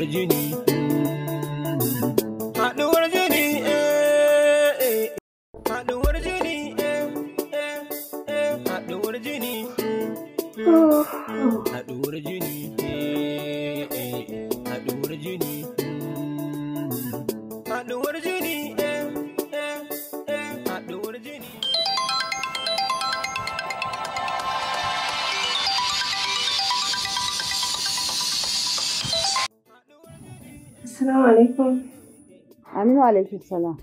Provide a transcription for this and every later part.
what did you need? alaikum salam.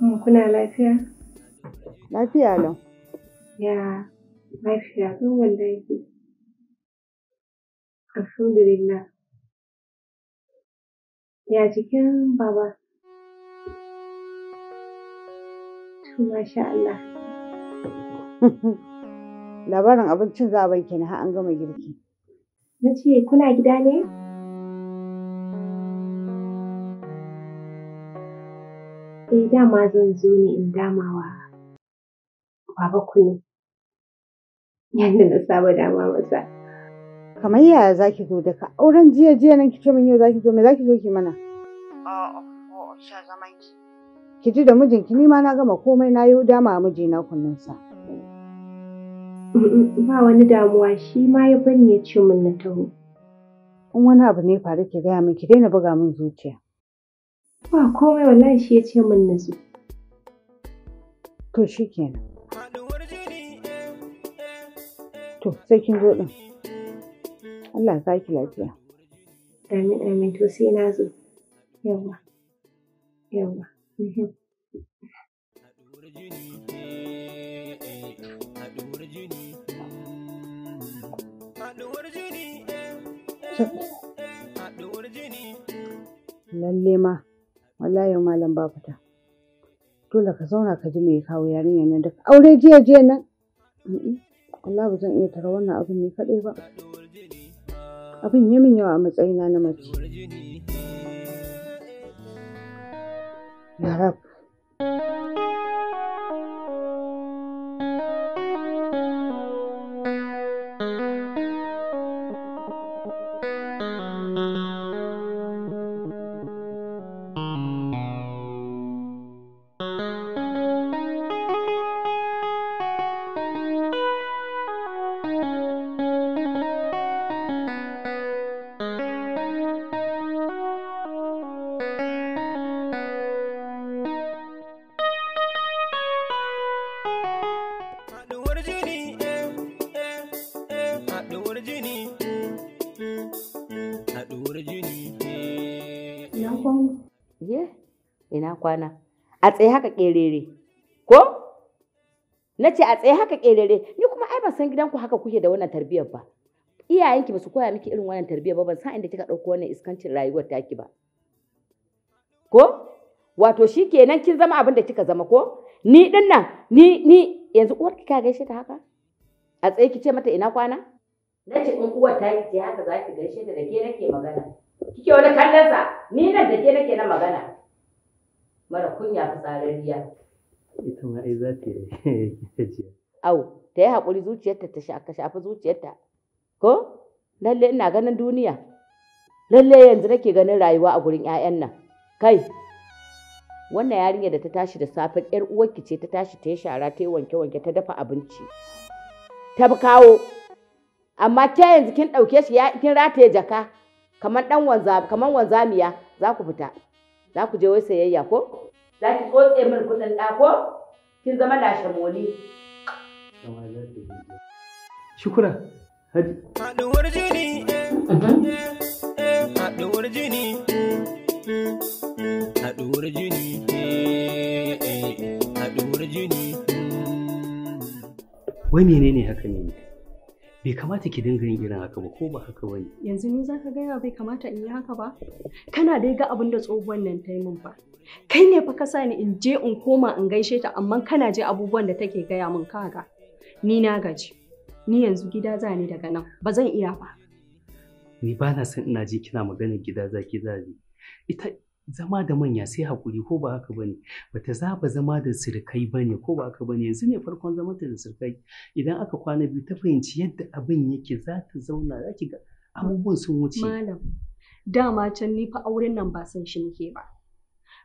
Mm, kuna lafiya? Lafiya lau. Ya lafiya ɗin wanda yake. Alhamdulillah. Ya cikin baba? Tuma sha Allah. Labarin abincin zaben kenan har an gama girki. Na ce kuna gida ne? Eh dama zan zo ne in dama wa baba kunu. Yadda na saba dama masa. Kamar yaya za ki zo daga auren jiya jiya nan ki ce min yau za ki zo me za ki zo ki mana? A'a oh, ko oh, oh, sha zaman ki. Ki ji da mijinki ni ma na gama komai na yi dama mijina kunnensa. Ba wani damuwa shi ma ya bani ya ce min na taho. In wani abu ne faru ki gaya min ki daina buga min zuciya. Ba komai wallahi shi ya ce min na zo. To shi kenan. To sai kin zo ɗin. Allah ya ki lafiya. Amin amin to sai na zo. Yawwa. Yawwa. Mhm. Lalle ma wallahi malam ba fita dole ka zauna ka ji me ya kawo yarinyar nan da aure jiya jiya nan Allah ba zan iya tara wannan abin ne kaɗai ba abin ya min yawa a matsayina na mace ya rabu kwana a tsaye haka ƙerere ko na ce a tsaye haka ƙerere ni kuma ai ban san gidanku haka kuke da wannan tarbiyyar ba iyayenki ba su koya miki irin wannan tarbiyyar ba ban san inda kika ɗauko wannan iskancin rayuwar taki ba ko wato shi kenan kin zama abin da kika zama ko ni din nan ni ni yanzu uwar kika gaishe ta haka a tsaye ki ce mata ina kwana na ce in uwar ta ki haka za ki gaishe ta da ke nake magana kike wani kallon sa ni nan da ke nake na magana mara kunya fitsararriya ita ma ai za ta yi au ta yi haƙuri zuciyarta ta shafi zuciyarta ko lalle ina ganin duniya lalle yanzu nake ganin rayuwa a gurin 'ya'yan nan kai wannan yarinya da ta tashi da safe yar uwarki ce ta tashi ta yi shara ta yi wanke-wanke ta dafa abinci ta bi kawo amma ke yanzu kin ɗauke shi kin rataye jaka kamar ɗan wanzamiya za ku fita Za ku je wai sayayya ko? Za ki tsotse min kuɗin ɗa ko? Kin zama lashe moli. Shukura, haji. Haɗuwar jini. Mhm. Haɗuwar jini. Haɗuwar jini. Haɗuwar jini. Wai menene haka ne? bai kamata ki dinga yin irin haka ba ko ba haka ba ne. Yanzu ni za ka gaya bai kamata in yi haka ba? Kana dai ga abin da tsohuwan nan ta yi min ba. Kai ne fa ka sa ni in je in koma in gaishe ta amma kana je abubuwan da take gaya min kaga. Ni na gaji. Ni yanzu gida za ni daga nan ba zan iya ba. Ni ba na san ina ji kina maganar gida za ki za Ita zama da manya sai hakuri ko ba haka bane bata zaba zama da sirkai bane ko ba haka bane yanzu ne farkon zaman da sirkai idan aka kwana biyu ta fahimci yadda abin yake za ta zauna za ki ga abubuwan sun wuce malam dama can ni fa auren nan ba san shi nake ba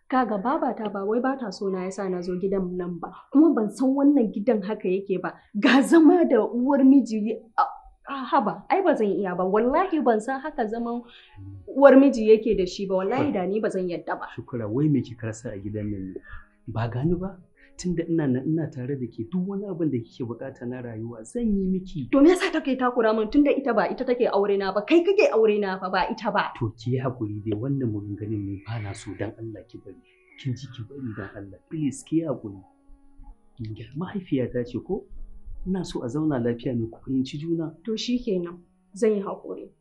kaga babata ba wai bata so na yasa na zo gidan nan ba kuma ban san wannan gidan haka yake ba ga zama da uwar miji Ah, haba ai ba zan iya ba wallahi ban san haka zaman uwar miji yake da shi ba wallahi da ni ba zan yadda ba shukura wai me kika rasa a gidan nan ba gani ba tunda ina nan ina tare da ke duk wani abin da kike bukata na rayuwa zan yi miki to me yasa take takura min tunda ita ba ita take aure na ba kai kake aure na fa ba ita ba to ki hakuri dai wannan maganganun ne ba na so dan Allah ki bari kin ji ki bari dan Allah please ki hakuri mahaifiya ta ce ko ina so a zauna lafiya mai fahimci juna to shikenan zan yi haƙuri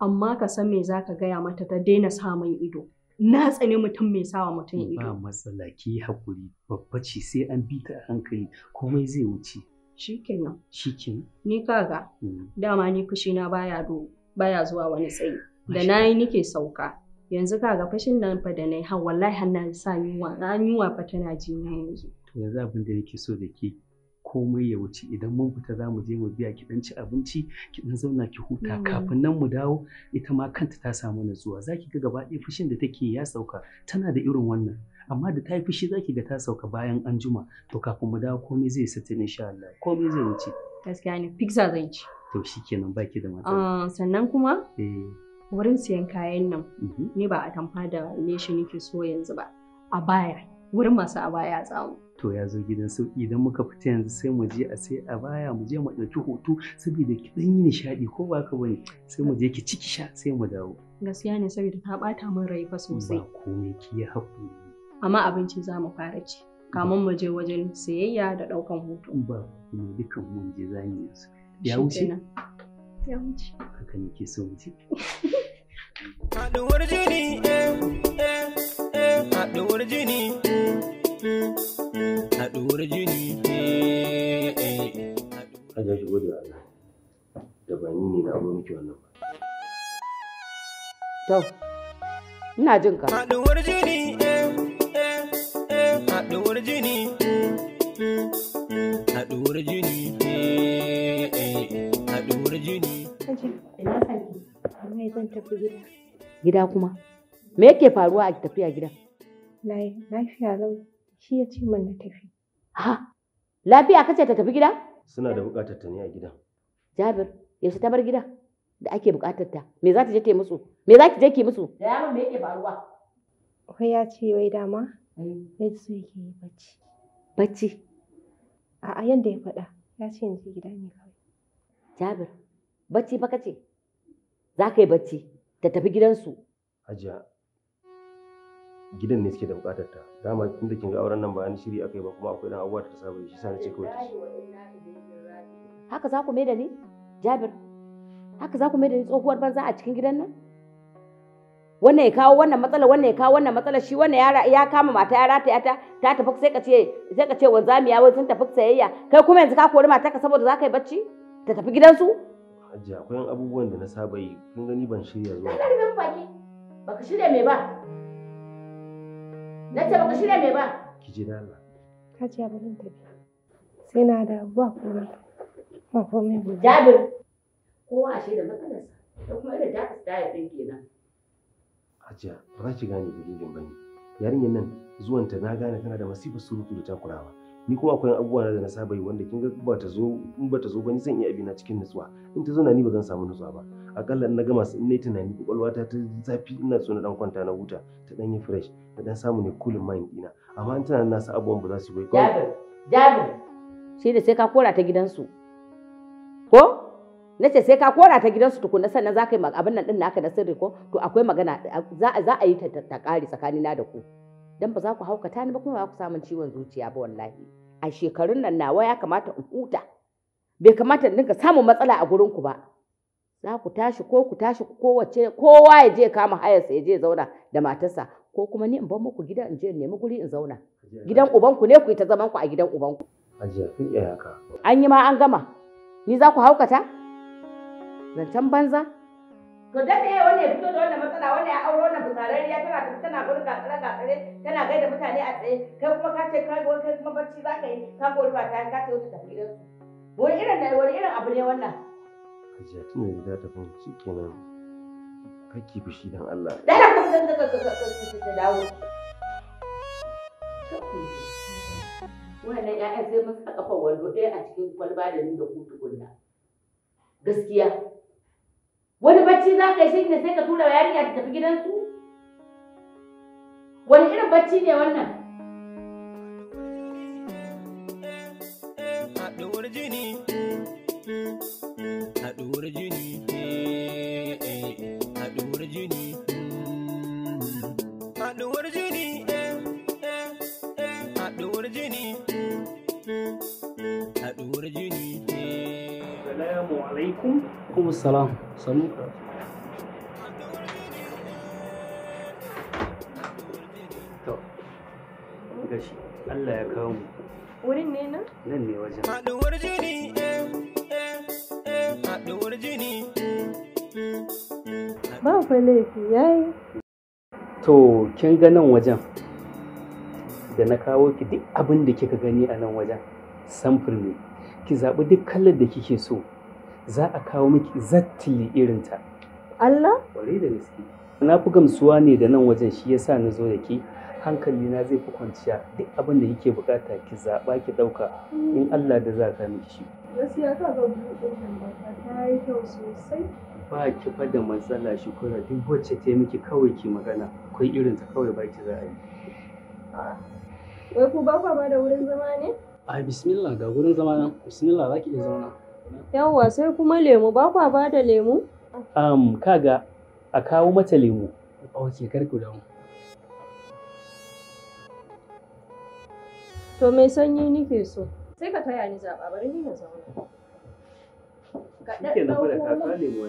amma ka san me zaka gaya mata ta daina samun ido na tsane mutum mai sawa mutum ido ba matsala ki yi haƙuri babba ce sai an bi ta a hankali komai zai wuce shikenan shikenan ni kaga mm. dama ni fushi na baya do baya zuwa wani tsayi da nayi nike sauka yanzu kaga fashin nan fa da nayi hawa wallahi har sa yunwa na fa tana jina yanzu to yanzu abin da nake so da ke komai ya wuce idan mun fita za mu je mu biya ki ci abinci ki dan zauna ki huta mm. kafin nan mu dawo ita ma kanta ta samu natsuwa zaki ga gaba ɗaya fushin da take ya sauka tana da irin wannan amma da ta yi fushi za ga ta sauka bayan an juma to kafin mu dawo komai zai satin insha Allah komai zai wuce gaskiya ne pizza zan ci to shikenan baki da matsala ah, sannan kuma eh. wurin siyan kayan nan mhm. ni ba a tamfa da leshi nake so yanzu ba a baya wurin masu abaya tsawo. To ya zo gidan sauki idan muka fita yanzu sai mu je a sai a baya mu je mu ɗauki hoto saboda ki ɗan yi nishaɗi ko ba ka bane sai mu je ki ciki sha sai mu dawo. Gaskiya ne saboda ta ɓata min rai fa sosai. Ba komai ki ya haƙuri. Amma abinci za mu fara ci. Kamun mu je wajen sayayya da ɗaukan hoto. Ba komai dukan mun je za mu yanzu. Ya wuce? Ya wuce. Haka ne ke so mu je. jini eh. haɗuwar jini haɗuwar jini da ba ni ne abu miki wannan ba to ina jin ka haɗuwar jini haɗuwar jini haɗuwar jini haɗuwar jini gida gida kuma me yake faruwa a tafiya gida na yi lafiya lau shi ya ce min na tafi. Ha, lafiya ka ce ta tafi gida? Suna da buƙatar ta ne a gidan. Jabir, yaushe ta bar gida da ake buƙatar ta? Me za ta je ta yi musu? Me za ki je ki musu? Da yaron me yake faruwa? Wai ya ce wai dama? Eh. Wai su yake yi bacci. Bacci? A'a yanda ya faɗa, ya ce yanzu gida ne kawai. Jabir, bacci fa ce? Za ka yi bacci, ta tafi gidansu. Hajiya, gidan ne suke da bukatar ta dama tun da kin ga auren nan ba an shiri akai ba kuma akwai dan abubuwa ta saba shi sai ce kawai ta haka za ku mai da ni Jabir haka za ku mai da ni tsohuwar banza a cikin gidan nan wannan ya kawo wannan matsala wannan ya kawo wannan matsala shi wannan ya ya kama mata ya rata ta ta tafi sai ka ce sai ka ce wanzami ya wai sun tafi sayayya kai kuma yanzu ka kori ka saboda za ka yi bacci ta tafi gidansu Hajji akwai abubuwan da na saba yi kun gani ban shirya zuwa ba. Baka shirya me ba? Na ce baka shirya me ba? Ki ji da Allah. Ka ji abin tafi. Sai na da ba komai. Ba komai ba. Jabir. Kowa ashe da matsalarsa. ta kuma irin da ta ya din kenan. Hajiya, ba za ki gane dalilin ba ne. Yarinyar nan zuwanta na gane tana da masifar surutu da takurawa. ni kuma akwai abubuwa da na saba yi wanda kin ga ba ta zo in ba ta zo ba ni zan iya abina cikin nutsuwa in ta zo na ni ba zan samu nutsuwa ba akalla na gama in nayi tunani kwakwalwa ta ta zafi ina so na dan kwanta na huta ta dan yi fresh ta dan samu ne cool mind ina amma in tunanin nasu abubuwan ba za su yi kawai jabir shi da sai ka kora ta gidansu ko na ce sai ka kora ta gidansu na sannan za ka yi abin nan din naka da sirri ko to akwai magana za a yi ta kare tsakanina da ku. dan ba za ku haukata ni ba kuma ba ku samun ciwon zuciya ba wallahi a shekarun nan nawa ya kamata in huta bai kamata in dinka samun matsala a gurin ku ba za ku tashi ko ku tashi kowace kowa ya je kama hayarsa ya je zauna da matarsa ko kuma ni in bar muku gida in je in nemi guri in zauna gidan ubanku ne ku yi ta zaman ku a gidan ubanku ajiya an yi ma an gama ni za ku haukata zancen banza to da me wanda ya fito da wannan matsala wanda ya auro wannan fitsararriya tana tafi tana gurin gatsare gatsare tana gaida mutane a tsaye kai kuma ka ce kai kai kuma barci za ka yi ka kori ba ta ka ce wata tafi gidan wani irin da wani irin abu ne wannan tun tuna gida ta fahimci shi kenan kake fushi dan Allah. Da na kuma zan zaka ka dawo. Wannan ‘ya'yan sai mun sa wando ɗaya a cikin kwalba da ni da ku tukunna. Gaskiya wani bacci za ka yi shi ne sai ka tura yarinya ta tafi gidansu wani irin bacci ne wannan Assalamu alaikum. To, gashi Allah ya kawo mu. Ba fa yayi. To, kin ga nan wajen. Da na kawo ki duk abin da kika gani a nan wajen. Samfur ne. Ki zaɓi duk kalar da kike so. za a kawo miki zattili irinta. Allah? Kwarai da gaske. Na fi gamsuwa ne da nan wajen shi yasa na zo da ke hankali na zai fi kwanciya duk abin da yake bukata ki zaɓa ki ɗauka in Allah da za ka miki shi. Gaskiya ka ga ta yi kyau sosai. Ba ki fa da matsala shi kura duk wacce ta yi miki kawai ki magana akwai irinta kawai ba ki za a yi. Wai ku ba kwa ba da wurin zama ne? A bismillah ga wurin zama nan bismillah za ki iya zauna. Yawwa sai kuma lemu ba kwa ba da lemu? Um, kaga a kawo mata lemu. Ok, ku da To mai sanyi nike so. Sai ka taya ni zaɓa bari ni na zauna. Ka kuma. Ka ɗaɗɗauko lemu.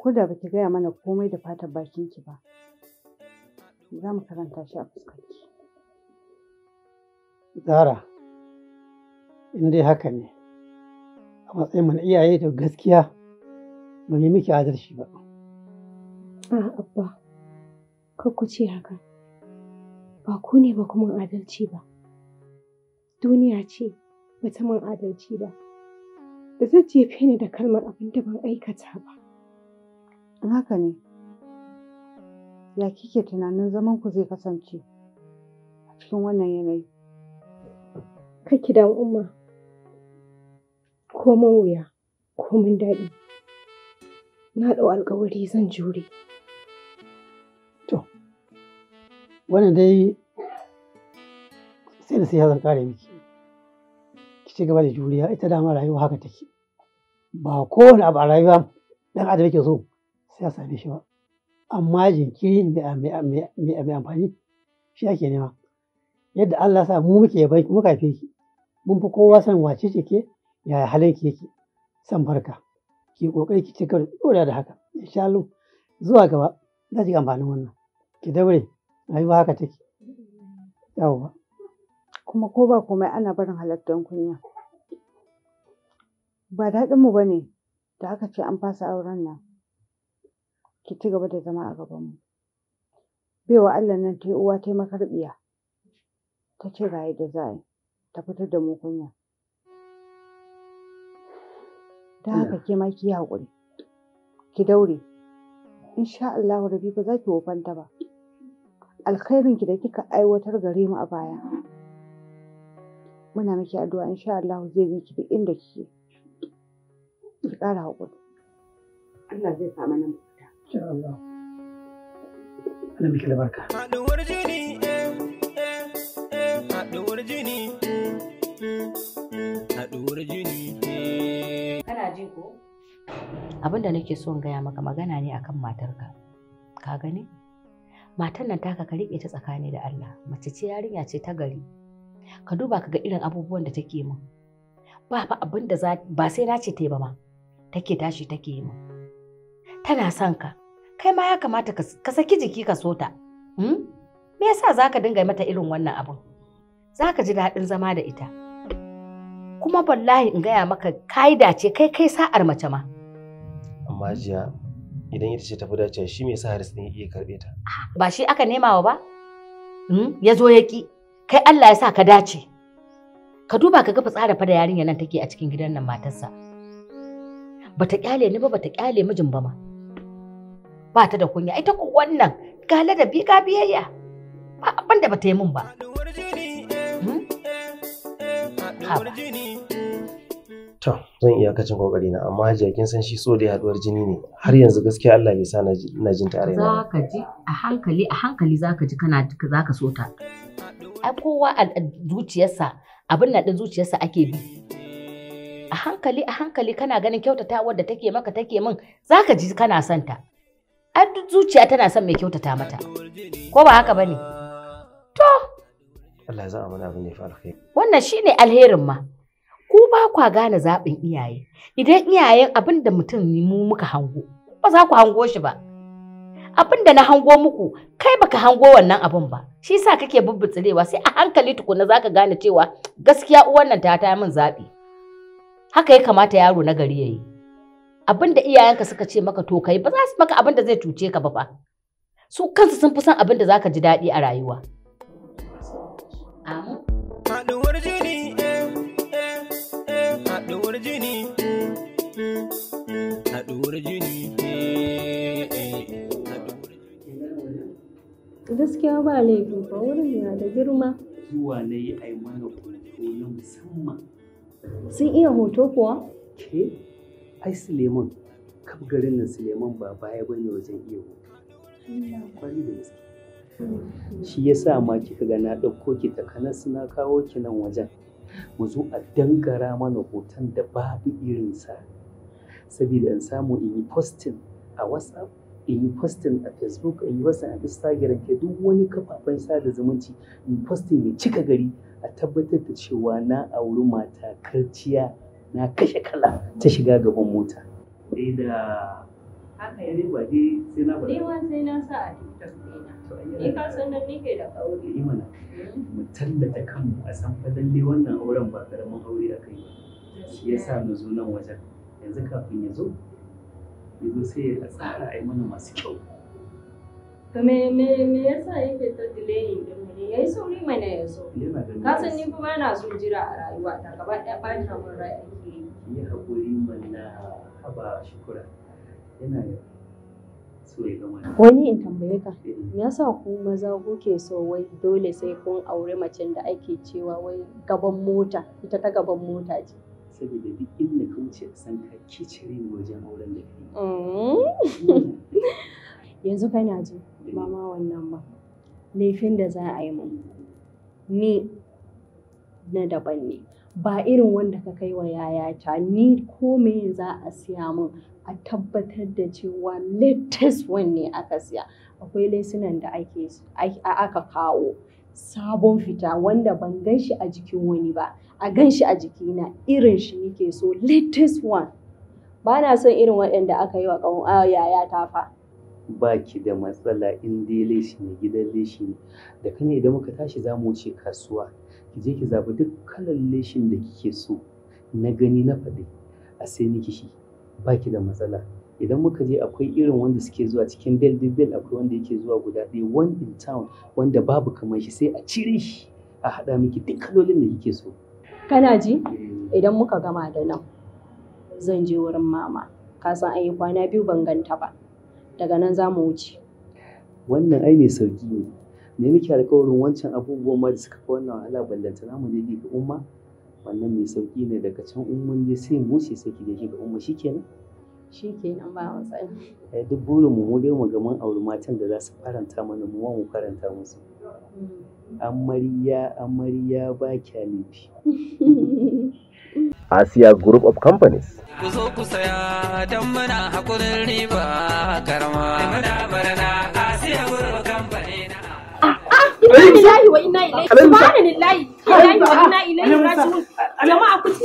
Koda da baki gaya mana komai da fatan bakin ki ba za mu karanta shi a fuskarki zara in dai haka ne a matsayin mana iyaye da gaskiya ba mu miki adalci ba a abba kar ku ce haka ba ku ne ba kuma adalci ba duniya ce bata min adalci ba da zai jefe ni da kalmar abin da ban aikata ba In haka ne, ya kike tunanin zaman ku zai kasance a cikin wannan yanayi? Kaki da umma, komin wuya, komin daɗi. Na ɗau alkawari zan jure. To, wannan dai sai da sai ya kare Ki ci gaba da juriya ita dama rayuwa haka take. Ba kowane abu a rayuwa dan adam yake so sai a same shi ba amma jinkiri mai amfani shi ake nema yadda Allah sa mu muke muka fi ki mun fi kowa san wace ce ke yaya halin ki yake san barka ki kokari ki cika dora da haka insha Allah zuwa gaba za ki amfanin wannan ki daure rayuwa haka take yawwa kuma ko ba komai ana barin halattun kunya ba daɗinmu ba ne da aka ce an fasa auren nan ki ci gaba da zama a gabanmu baiwa Allah nan ta yi uwa ta yi makarbiya ta ce ga yadda za a yi ta fitar da mu kunya ta haka ke ma ki yi haƙuri ki daure insha Allah rabi ba za ki wofanta ba alkhairin ki da kika aiwatar gare mu a baya muna miki addu'a insha Allah zai bi ki duk inda kike ki ƙara haƙuri Allah zai samu nan. Allah. miki albarka. Eh, eh, eh, Kana ji ko? Abin da nake son gaya maka magana ne akan matarka. Ka gani? Matan nan ta ka riƙe ta tsakani da Allah, mace ce yarinya ce ta gari. Ka duba ka ga irin abubuwan da take min. Ba fa abin da ba sai na ce ta yi ba ma. Take tashi take yi min. tana son ka kai ma ya kamata ka saki jiki ka sota ta hmm? me yasa za ka dinga mata irin wannan abun za ka ji daɗin zama da ita kuma wallahi in gaya maka ka'ida ce kai kai sa'ar mace ma amma jiya idan ita ce tafi dacewa shi me yasa Haris din iya karɓe ta ba shi aka nema wa ba hmm? ya zo ya ki kai Allah ya sa ka dace ka duba ka ga fitsara fa da yarinya nan take a cikin gidan nan matarsa bata kyale ni ba bata kyale mijin ba ma ba ta da kunya ita ku wannan ga ladabi ga biyayya ba abin da bata yi min ba hmm? to zan iya kacin kokari na amma jakin kin san shi so da haduwar jini ne har yanzu gaskiya Allah bai sa na jin tare na zaka ji a hankali a hankali zaka ji kana zaka so ta ai kowa a zuciyarsa abin na din zuciyarsa ake bi a hankali a hankali kana ganin kyautatawar da take maka take min zaka ji kana son ta ai duk zuciya tana son mai kyautata mata ko ba haka bane to Allah ya mana abin da ya fara kai wannan shine alherin ma ku ba kwa gane zaɓin iyaye idan iyayen abin da mutum mu muka hango ba za ku hango shi ba abin da na hango muku kai baka hango wannan abin ba shi yasa kake bubbutsirewa sai a hankali tukuna zaka gane cewa gaskiya uwan nan ta ta min zaɓi haka ya kamata yaro na gari yi. abin da iyayenka suka ce maka to kai ba za su maka abin da zai cuce ka ba fa su kansu sun fi son abin da zaka ji daɗi a rayuwa gaskiya ba laifi ba wurin na da girma zuwa na yi ai mana hoto na musamman sun iya hoto kuwa ke ai Suleiman kaf garin nan Suleiman ba baya bane wajen iya kwari da gaske shi yasa ma kika ga na ɗauko ki ta kanas suna kawo ki nan wajen mu zo a dangara mana hoton da babu irinsa saboda in samu in yi posting a whatsapp in yi posting a facebook in yi posting a instagram ke duk wani kafafen sada zumunci in posting ya cika gari a tabbatar da cewa na auri mata karciya na kashe kala ta shiga gaban mota sai da haka ya riba dai sai na bari ma sai na sa a tiktok ɗina ni ka san nan nake da aure yi mana hmm? mu tallata kanmu a san fa lalle wannan auren ba karamin aure a kai ba shi sa mu zo nan wajen yanzu kafin ya zo yanzu sai a tsara a yi mana masu kyau to me me me yasa yake ta delaying din Ya yi sauri mana ya zo. ni kuma yana so jira a rayuwa gaba ɗaya ɓata rai ake yi. Wani in tambaye ka, eh. me yasa ku maza kuke so wai dole sai kun aure macen da ake cewa wai gaban mota, ita ta gaban mota ce. Saboda duk inda ka wuce san ka kicire wajen auren da kai. Mm. Yanzu kana ji, ba ma wannan ba. laifin da za a yi mun ni na daban ne ba irin wanda ka kai wa yayata ni ko me za a siya mun a tabbatar da cewa latest one ne aka siya akwai lesunan da aka kawo sabon fita wanda ban gan shi a jikin wani ba a gan shi a jikina irin shi nake so latest one ba na son irin waɗanda aka yi wa yayata fa baki da matsala in dai laishi ne gidan leshi ne da kane idan muka tashi za mu wuce kasuwa ki je ki zaɓi duk kalan leshin da kike so na gani na faɗi a sai miki shi ba da matsala idan muka je akwai irin wanda suke zuwa cikin bel bel akwai wanda yake zuwa guda ɗaya one in town wanda babu kamar shi sai a cire shi a haɗa miki duk kalolin da kike so kana ji eh. idan muka gama da nan zan je wurin mama ka san an yi kwana biyu ban ganta ba daga nan za mu wuce wannan ai mai sauki ne me muke alkawarin wancan abubuwan ma da suka fi wannan wahala ballanta namu je bi ga umma wannan mai sauki ne daga can umman je sai mu sai sai ki je ga umma Shi shikenan ba wasani Ai eh, duk burin mu dai mu ga mun auri matan da za su faranta mana mu mu faranta musu mm. amarya amarya ba kya nufi Asia Group of Companies. Ku zo ku saya riba karama. Group of Companies. wa inna ilaihi wa inna ilaihi raji'un jama'a ci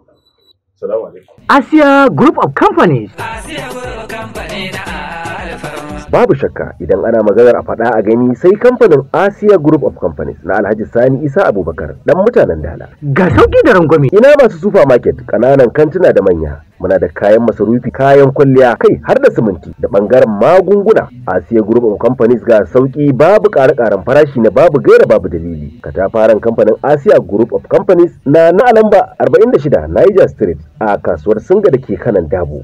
Assalamu alaikum. Asia Group of Companies. Asia Group of Companies. babu shakka idan ana maganar a faɗa a gani sai kamfanin Asia Group of Companies na Alhaji Sani Isa Abubakar dan mutanen Dala. Ga sauki da rangwame. Ina masu market kananan kantuna da manya muna da kayan masarufi kayan kwalliya kai har da siminti da ɓangaren magunguna Asiya Group of Companies ga sauƙi babu ƙare-ƙaren farashi na babu gaira babu dalili katafaren kamfanin Asia Group of Companies na na Alamba 46 Niger Street a kasuwar Singa da ke kanan dabu.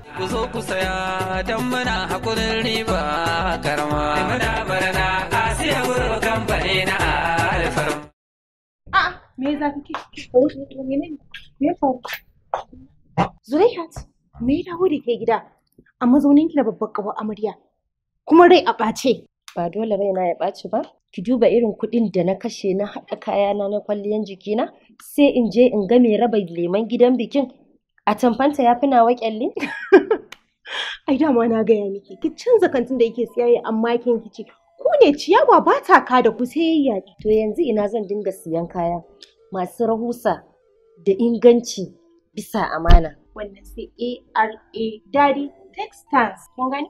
ku zo ku saya don mana hakurin riba karama. Muna barna a siya wuro kamfani na alfarma. A'a, me za ka ke? Me ya faru? Zulaihat, me ya dawo da ke gida a ki da babbar kawo amarya? Kuma rai a ɓace. Ba dole raina ya ɓaci ba. Ki duba irin kuɗin da na kashe na haɗa kayana na kwalliyan jikina sai in je in ga mai raba leman gidan bikin a tamfanta ya fi nawa kyalle ai dama na gaya miki ki canza kantin da yake siyayya amma kin kici ku ne ciyawa ba ta ka da ku sai yayya. to yanzu ina zan dinga siyan kaya masu rahusa da inganci bisa amana wannan sai ARA Daddy Textiles kun gani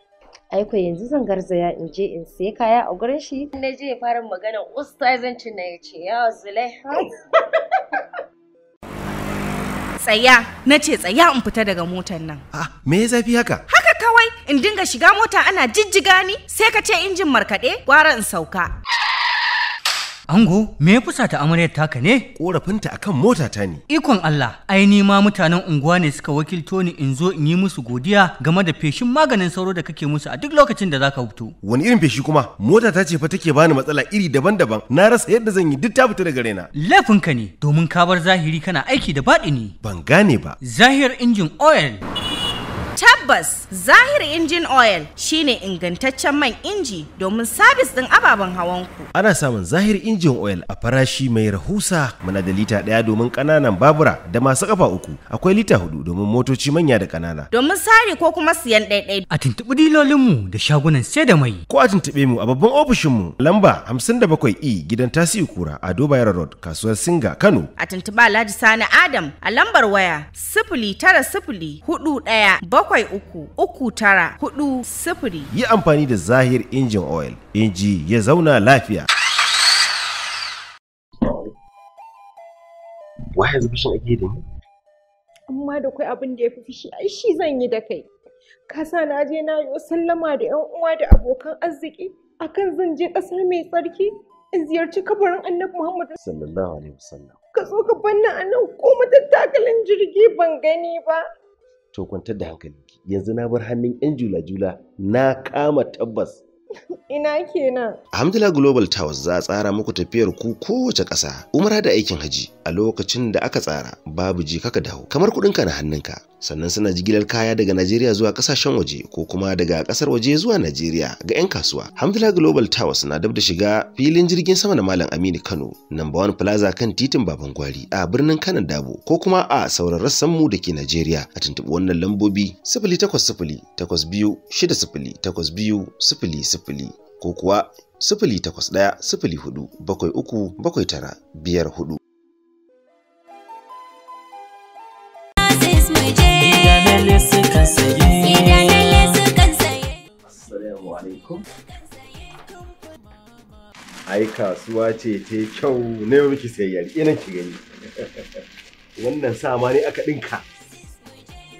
aiko yanzu zan garzaya in je in sai kaya a gurin shi na je fara magana ustazancin na ya ce ya zule tsaya na ce tsaya in fita daga motar nan ah me ya zafi haka haka kawai in dinga shiga mota ana jijjiga ni sai ka ce injin markaɗe gwara in sauka Ango, me ya fusa ta amaryar taka ne? Ƙorafinta kan mota ta ne. Ikon Allah, ai ni ma mutanen unguwa ne suka wakilto ni in zo in yi musu godiya game da feshin maganin sauro da kake musu a duk lokacin da zaka fito. Wani irin feshi kuma? Mota ta ce fa take bani matsala iri daban-daban. Na rasa yadda zan yi duk ta fita daga raina. ka ne, domin ka bar zahiri kana aiki da baɗi ne. Ban gane ba. Zahir injin oil. Tabbas zahiri Injin Oil shine ingantaccen man inji domin sabis ɗin ababen hawanku. Ana samun zahiri Injin Oil a farashi mai rahusa muna da lita ɗaya domin ƙananan babura da masu ƙafa uku akwai lita hudu domin motoci manya da ƙanana. Domin sari ko kuma siyan ɗaiɗai. A tuntuɓi dilolinmu da shagunan sai da mai. Ko a tuntuɓe mu a babban ofishinmu lamba hamsin 57 E gidan tasi Kura a Dubai Road kasuwar Singa Kano. A tuntuɓa Alhaji Sani Adam a lambar waya sifili tara sifili hudu ɗaya bakwai uku uku tara hudu sifiri. Yi amfani da Zahir injin oil, inji ya zauna lafiya. Waye yanzu shi ake da Amma da kai abin da ya fi fushi, ai shi zan yi da kai. Kasa na je na yi sallama da 'yan uwa da abokan arziki akan zan je ƙasa mai tsarki in ziyarci kabarin annabi Muhammad sallallahu alaihi wasallam. Ka zo ka banna a nan ko matattakalin jirgi ban gani ba. to kwantar da hankalinki yanzu na bar hannun 'yan jula-jula na kama tabbas Ina kenan. Hamdila Global Towers za a tsara muku tafiyar ku kowace ƙasa, umara da aikin haji a lokacin da aka tsara babu ji kaka dawo. Kamar kuɗinka na hannunka, sannan suna jigilar kaya daga Najeriya zuwa ƙasashen waje ko kuma daga ƙasar waje zuwa Najeriya ga 'yan kasuwa. Hamdila Global Towers na dab da shiga filin jirgin sama da Malam Aminu Kano, Number One Plaza kan titin Baban Gwari a birnin Kano Dabo ko kuma a sauran rassan mu da ke Najeriya a tuntuɓi wannan lambobi sifili takwas sifili takwas biyu sifili ko kuwa sifili takwas ɗaya sifili hudu bakwai uku bakwai tara biyar hudu. Ai kasuwa ce ta kyau na yau ki gani. Wannan sama ne aka ɗinka.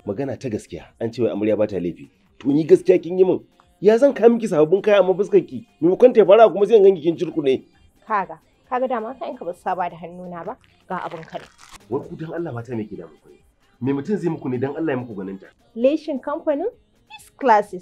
Magana ta gaskiya an ce wai amarya ba ta laifi. Tuni gaskiya kin yi min. ya zan kai miki sababbin kaya amma fuskar ki maimakon ta fara kuma sai in ganki kin cirkune kaga kaga dama in ka ba saba da hannuna ba ga abin kare wai ku dan Allah mata me ke da muku ne me mutum zai muku ne dan Allah ya muku ganin ta leshin kamfanin class classes